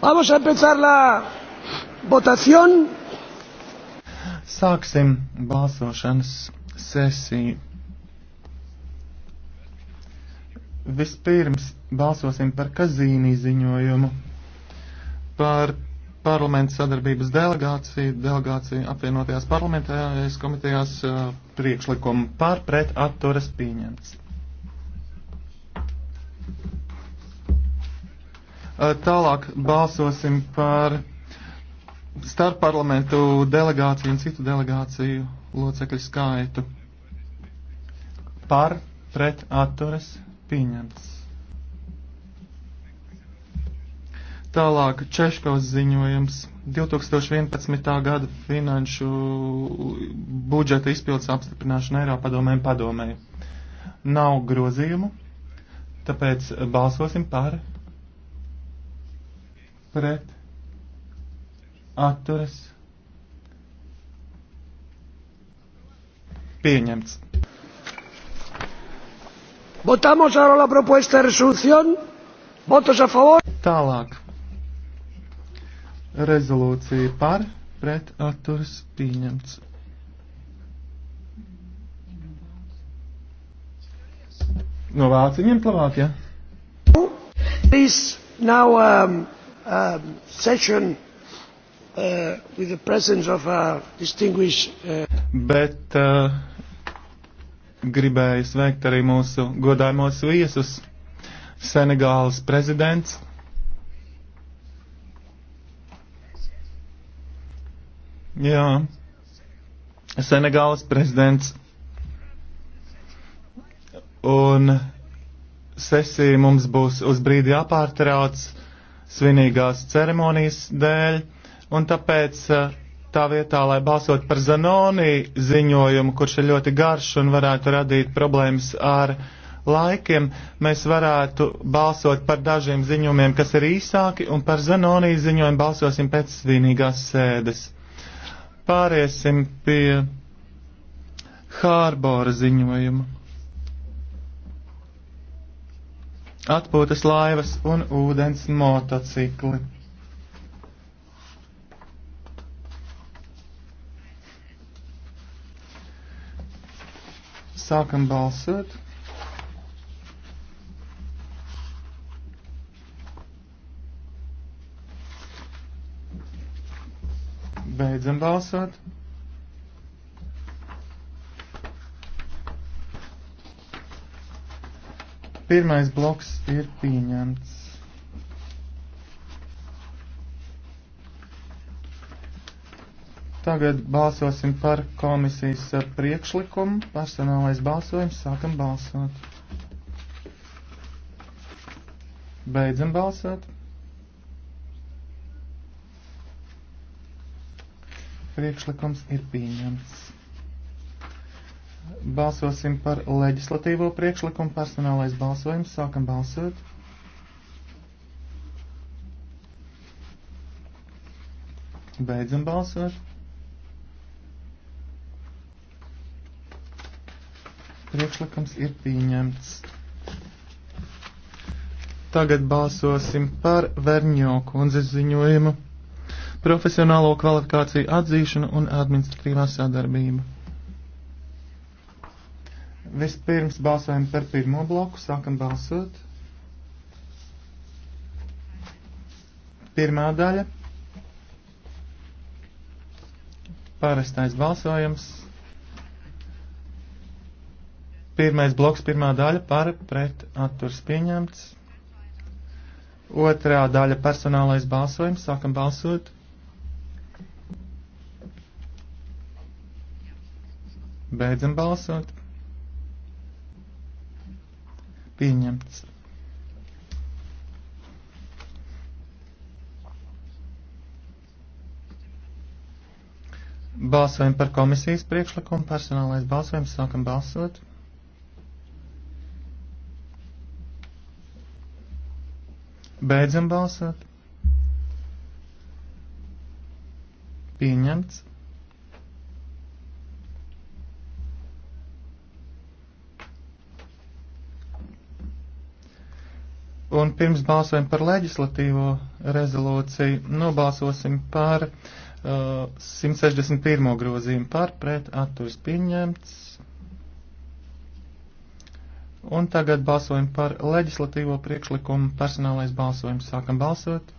Vamos a empezar la votación. Sāksim balsošanas sesiju. Vispirms balsosim par Kazīnī ziņojumu par parlamentu sadarbības delegāciju, delegāciju apvienotajās parlamentārajās komitejās uh, priekšlikumu pār pret atturas pieņemts. Tālāk balsosim par starpparlamentu delegāciju un citu delegāciju locekļu skaitu. Par, pret, atturas, pieņemts. Tālāk Češkovs ziņojums 2011. gada finanšu budžeta izpildes apstiprināšana Eiropadomēm padomēji. Nav grozījumu, tāpēc balsosim par pret, atturas, pieņemts. Votamos ahora la propuesta de resolución. Votos a favor. Tālāk. Rezolūcija par, pret, atturas, pieņemts. No Vācijas ņemt labāk, jā? Ja? This now um, um, session uh, with the presence of a distinguished. Uh, Bet uh, gribēju sveikt arī mūsu godājumos viesus, Senegāles prezidents. Jā, Senegāles prezidents. Un sesija mums būs uz brīdi jāpārtrauc svinīgās ceremonijas dēļ, un tāpēc eh, tā vietā, lai balsot par Zanoni ziņojumu, kurš ir ļoti garš un varētu radīt problēmas ar laikiem, mēs varētu balsot par dažiem ziņojumiem, kas ir īsāki, un par Zanoni ziņojumu balsosim pēc svinīgās sēdes. Pāriesim pie Hārbora ziņojuma. atpūtas laivas un ūdens motocikli. Sākam balsot. Beidzam balsot. Pirmais bloks ir pieņemts. Tagad balsosim par komisijas priekšlikumu. Personālais balsojums. Sākam balsot. Beidzam balsot. Priekšlikums ir pieņemts. Balsosim par leģislatīvo priekšlikumu. Personālais balsojums. Sākam balsot. Beidzam balsot. Priekšlikums ir pieņemts. Tagad balsosim par Verņo kundzes ziņojumu. Profesionālo kvalifikāciju atzīšanu un administratīvā sadarbība. Vispirms balsojam par pirmo bloku, sākam balsot. Pirmā daļa. Parastais balsojums. Pirmais bloks, pirmā daļa par pret atturs pieņemts. Otrā daļa personālais balsojums, sākam balsot. Beidzam balsot. Pieņemts. Balsojam par komisijas priekšlikumu, personālais balsojums, sākam balsot. Beidzam balsot. Pieņemts. Un pirms balsojam par leģislatīvo rezolūciju, nobalsosim par uh, 161. grozījumu par pret atturs pieņemts. Un tagad balsojam par leģislatīvo priekšlikumu personālais balsojums. Sākam balsot.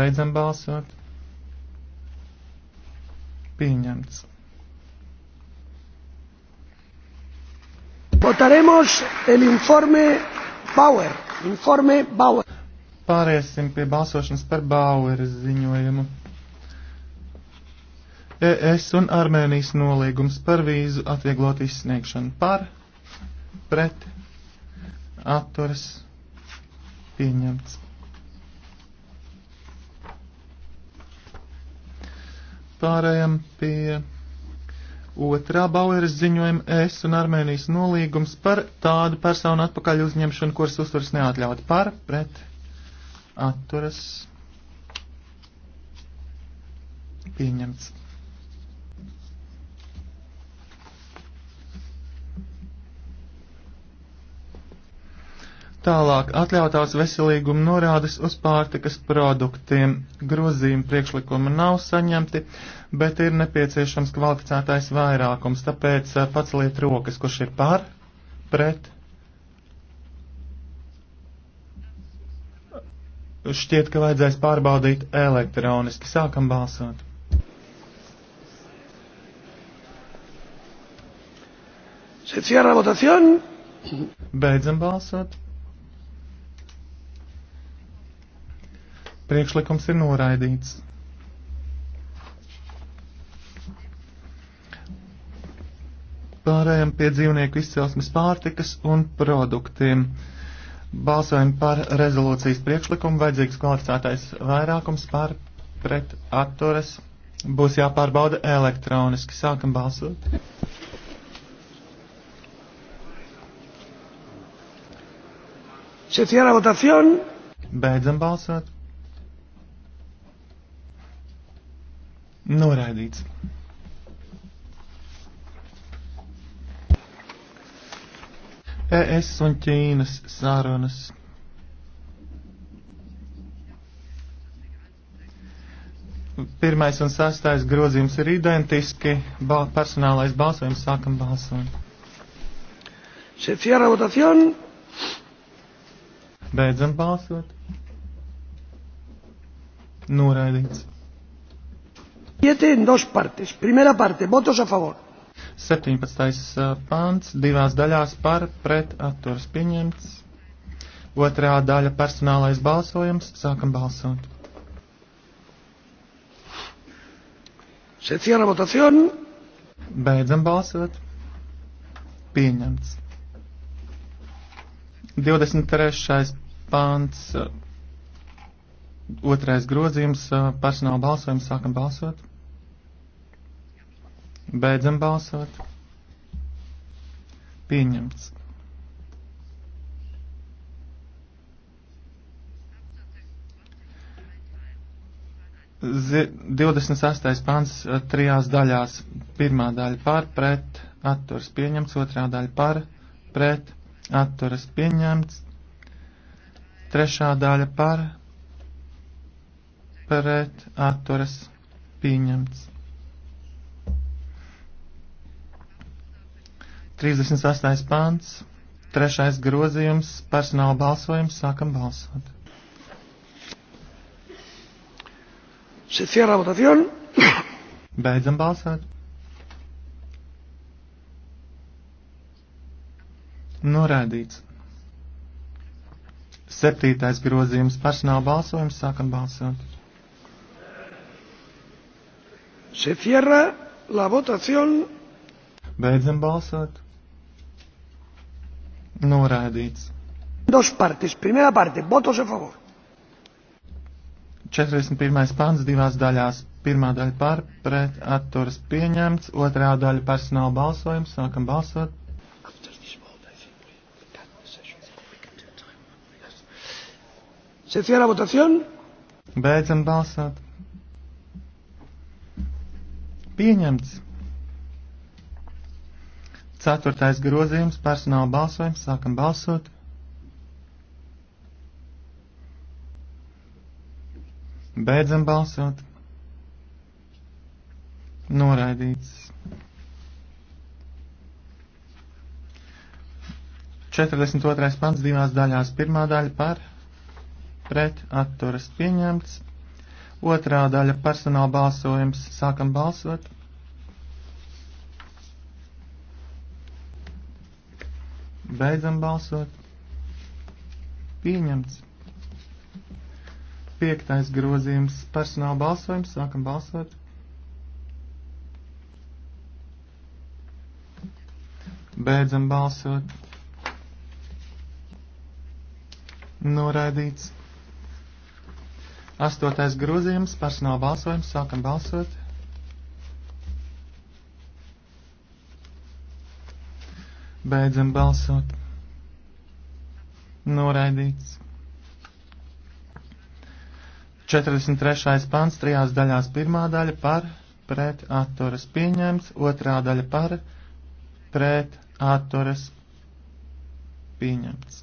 Beidzam balsot. Pieņemts. votaremos el informe Bauer. Informe Bauer. Pāriesim pie balsošanas par Bauer ziņojumu. ES un Armēnijas nolīgums par vīzu atvieglot izsniegšanu par, pret, atturas, pieņemts. Pārējām pie Otrā Baueras ziņojuma es un Armēnijas nolīgums par tādu personu atpakaļ uzņemšanu, kuras uzturas neatļaut par, pret, atturas, pieņemts. Tālāk atļautās veselīguma norādes uz pārtikas produktiem. Grozījuma priekšlikuma nav saņemti, bet ir nepieciešams kvalificētais vairākums, tāpēc paceliet rokas, kurš ir par, pret. Šķiet, ka vajadzēs pārbaudīt elektroniski. Sākam balsot. Se cierra votación. Beidzam balsot. Priekšlikums ir noraidīts. Pārējām pie dzīvnieku izcelsmes pārtikas un produktiem. Balsojam par rezolūcijas priekšlikumu, vajadzīgs kvalificētais vairākums par pret atturas. Būs jāpārbauda elektroniski. Sākam balsot. Se cierra votación. Beidzam balsot. Noraidīts. ES un Ķīnas sārunas. Pirmais un sastais grozījums ir identiski. Bal personālais balsojums sākam balsot. Se cierra votación. Beidzam balsot. Noraidīts. 17. pāns eh, divās daļās par pret atturas pieņemts. Otrā daļa personālais balsojums. Sākam balsot. Se cierra votación. Beidzam balsot. Pieņemts. 23. pāns. Eh, otrais grozījums. Eh, personāla balsojums. Sākam balsot. Beidzam balsot. Pieņemts. Zi 28. pants eh, trijās daļās. Pirmā daļa par, pret, atturas pieņemts, otrā daļa par, pret, atturas pieņemts, trešā daļa par, pret, atturas pieņemts. 38. pāns, 3. grozījums, personāla balsojums, sākam balsot. Se cierra votación. Beidzam balsot. Norādīts. Septītais grozījums personāla balsojums sākam balsot. Se cierra la votación. Beidzam balsot. Noraidīts. Dos partes. Pirmā parte. Votos a favor. 41. pants divās daļās. Pirmā daļa par, pret, atturas pieņemts. Otrā daļa personāla balsojums. Sākam balsot. Se cierra votación. Beidzam balsot. Pieņemts. Ceturtais grozījums - personāla balsojums. Sākam balsot. Beidzam balsot. Noraidīts. 42. pants divās daļās. Pirmā daļa par pret atturas pieņemts. Otrā daļa personāla balsojums. Sākam balsot. Beidzam balsot. Pieņemts. Piektais grozījums - personāla balsojums. Sākam balsot. Beidzam balsot. Noraidīts. Astotais grozījums - personāla balsojums. Sākam balsot. Beidzam balsot. Noraidīts. 43. pants trijās daļās pirmā daļa par pret atturas pieņemts, otrā daļa par pret atturas pieņemts.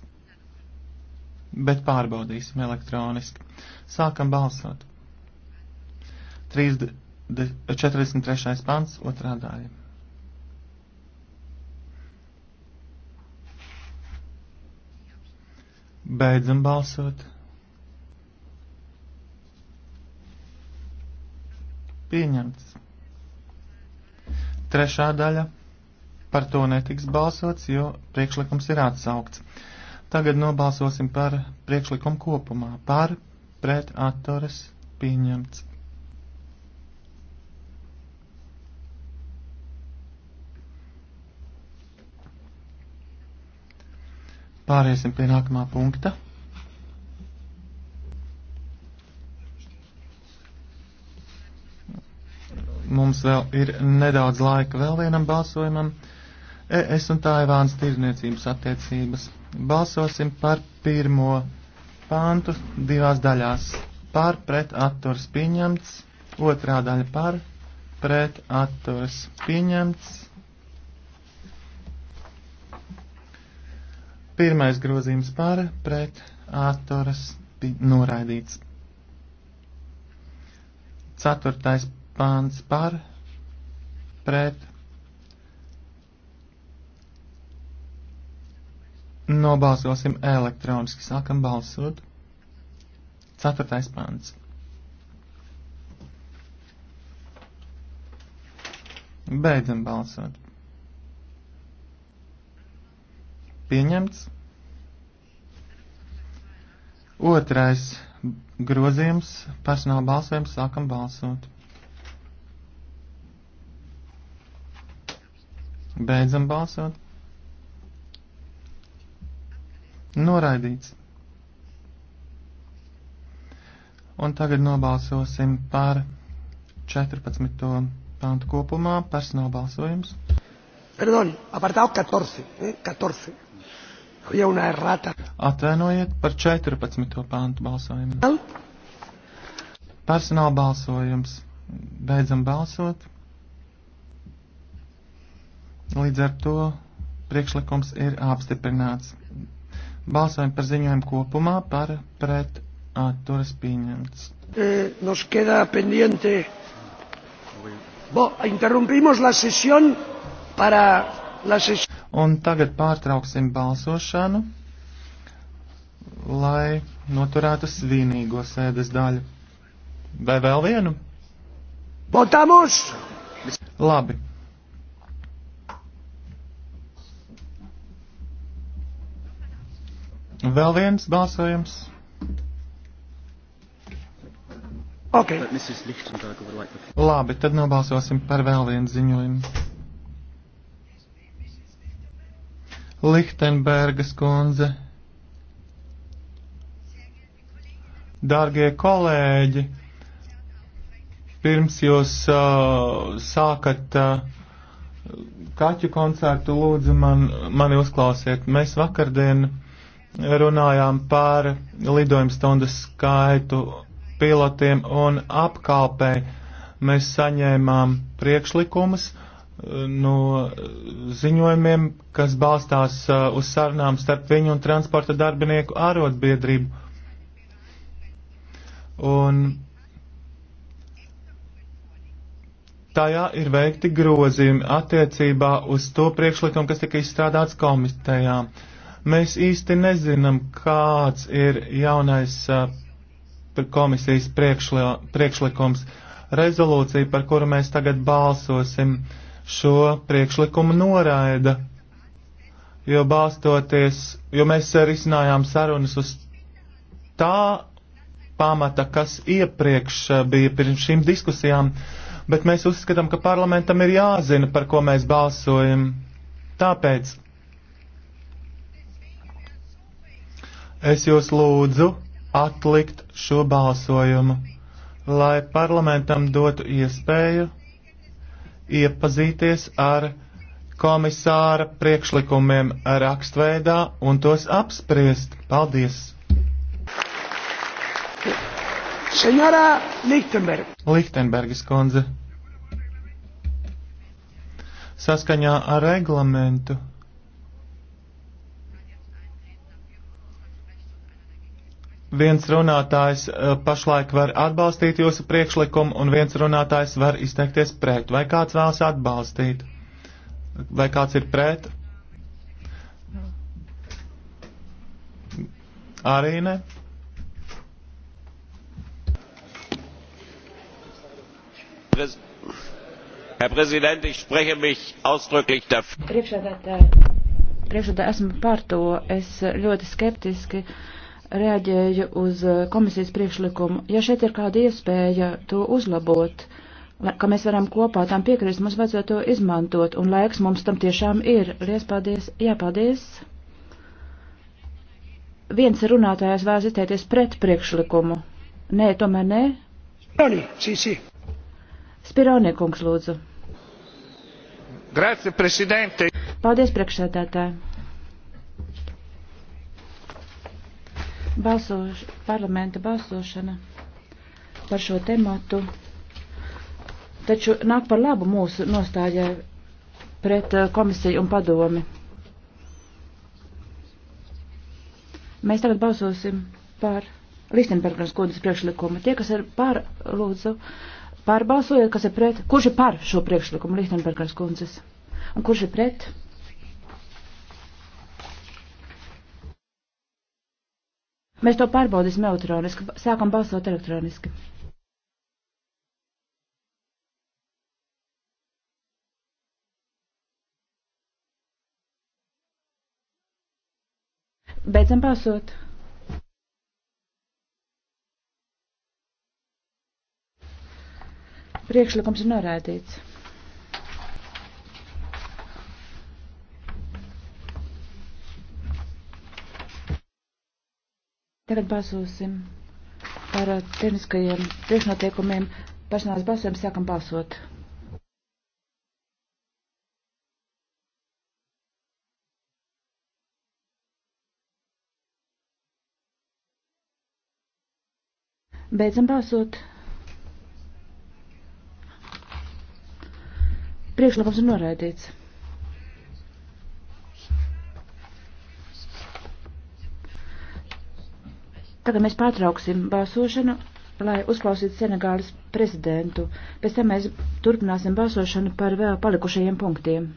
Bet pārbaudīsim elektroniski. Sākam balsot. 3, 43. pants, otrā daļa. Beidzam balsot. Pieņemts. Trešā daļa. Par to netiks balsots, jo priekšlikums ir atsaukts. Tagad nobalsosim par priekšlikumu kopumā. Par pret atturas pieņemts. Pāriesim pie nākamā punkta. Mums vēl ir nedaudz laika vēl vienam balsojumam. Es un Taivānas tirzniecības attiecības. Balsosim par pirmo pāntu divās daļās. Par pret atturs pieņemts, otrā daļa par pret atturs pieņemts. Pirmais grozījums par pret atturas noraidīts. Ceturtais pāns par pret Nobalsosim elektroniski. Sākam balsot. Ceturtais pants. Beidzam balsot. Pieņemts. Otrais grozījums - personāla balsojums. Sākam balsot. Beidzam balsot. Noraidīts. Un tagad nobalsosim par 14. pāntu kopumā personāla balsojums. Perdón, apartado 14. Eh, 14 ja una errata. Atvainojiet par 14. pāntu balsojumu. Personāla balsojums. Beidzam balsot. Līdz ar to priekšlikums ir apstiprināts. Balsojam par ziņojumu kopumā par pret atturas pieņemts. Eh, nos queda pendiente. Bo, interrumpimos la sesión para la sesión. Un tagad pārtrauksim balsošanu, lai noturētu svinīgo sēdes daļu. Vai vēl vienu? Votamos! Labi. Vēl viens balsojums. Okay. Labi, tad nobalsosim par vēl vienu ziņojumu. Lichtenbergas kundze. Dārgie kolēģi, pirms jūs uh, sākat uh, kaķu koncertu, lūdzu man, mani uzklausiet. Mēs vakardien runājām par lidojuma stundas skaitu pilotiem un apkalpei. Mēs saņēmām priekšlikumus. Uh, no ziņojumiem, kas balstās uh, uz sarunām starp viņu un transporta darbinieku ārotbiedrību. Un tajā ir veikti grozījumi attiecībā uz to priekšlikumu, kas tika izstrādāts komitejā. Mēs īsti nezinām, kāds ir jaunais uh, komisijas priekšlikums. Rezolūcija, par kuru mēs tagad balsosim, uh, šo priekšlikumu noraida, jo balstoties, jo mēs risinājām sarunas uz tā pamata, kas iepriekš eh, bija pirms šīm diskusijām, bet mēs uzskatām, ka parlamentam ir jāzina, par ko mēs balsojam. Tāpēc es jūs lūdzu atlikt šo balsojumu, lai parlamentam dotu iespēju iepazīties ar komisāra priekšlikumiem rakstveidā un tos apspriest. Paldies! Senjora Lichtenberg. Lichtenbergas kundze. Saskaņā ar reglamentu. viens runātājs eh, pašlaik var atbalstīt jūsu priekšlikumu, un viens runātājs var izteikties pret. Vai kāds vēlas atbalstīt? Vai kāds ir pret? Arī ne? Herr Präsident, ich spreche mich ausdrücklich dafür. Priekšādā, tā, priekšādā esmu par to. Es ļoti skeptiski. Uh, reaģēju uz eh, komisijas priekšlikumu. Ja šeit ir kāda iespēja to uzlabot, ka mēs varam kopā tam piekrist, mums vajadzētu to izmantot, un laiks mums tam tiešām ir. Lies paldies, jāpaldies. Viens runātājs vēlas izteikties pret priekšlikumu. Nē, tomēr nē. Spironi, sī, sī. Spironi, kungs, lūdzu. Grazie, prezidente. Paldies, priekšsēdētāji. Balsoš, parlamenta balsošana par šo tematu taču nāk par labu mūsu nostājai pret eh, komisiju un padomi. Mēs tagad balsosim par Listenbergas kundas priekšlikumu. Tie, kas ir par, lūdzu, pārbalsojiet, kas ir pret, kurš ir par šo priekšlikumu Listenbergas kundzes un kurš ir pret. Mēs to pārbaudīsim elektroniski. Sākam balsot elektroniski. Beidzam balsot. Priekšlikums ir norādīts. Tagad balsosim par uh, tehniskajiem priekšnotiekumiem. Personāls balsojums sākam balsot. Beidzam balsot. Priekšlikums ir noraidīts. Tagad mēs pārtrauksim balsošanu, lai uzklausītu Senegāles prezidentu. Pēc tam mēs turpināsim balsošanu par vēl palikušajiem punktiem.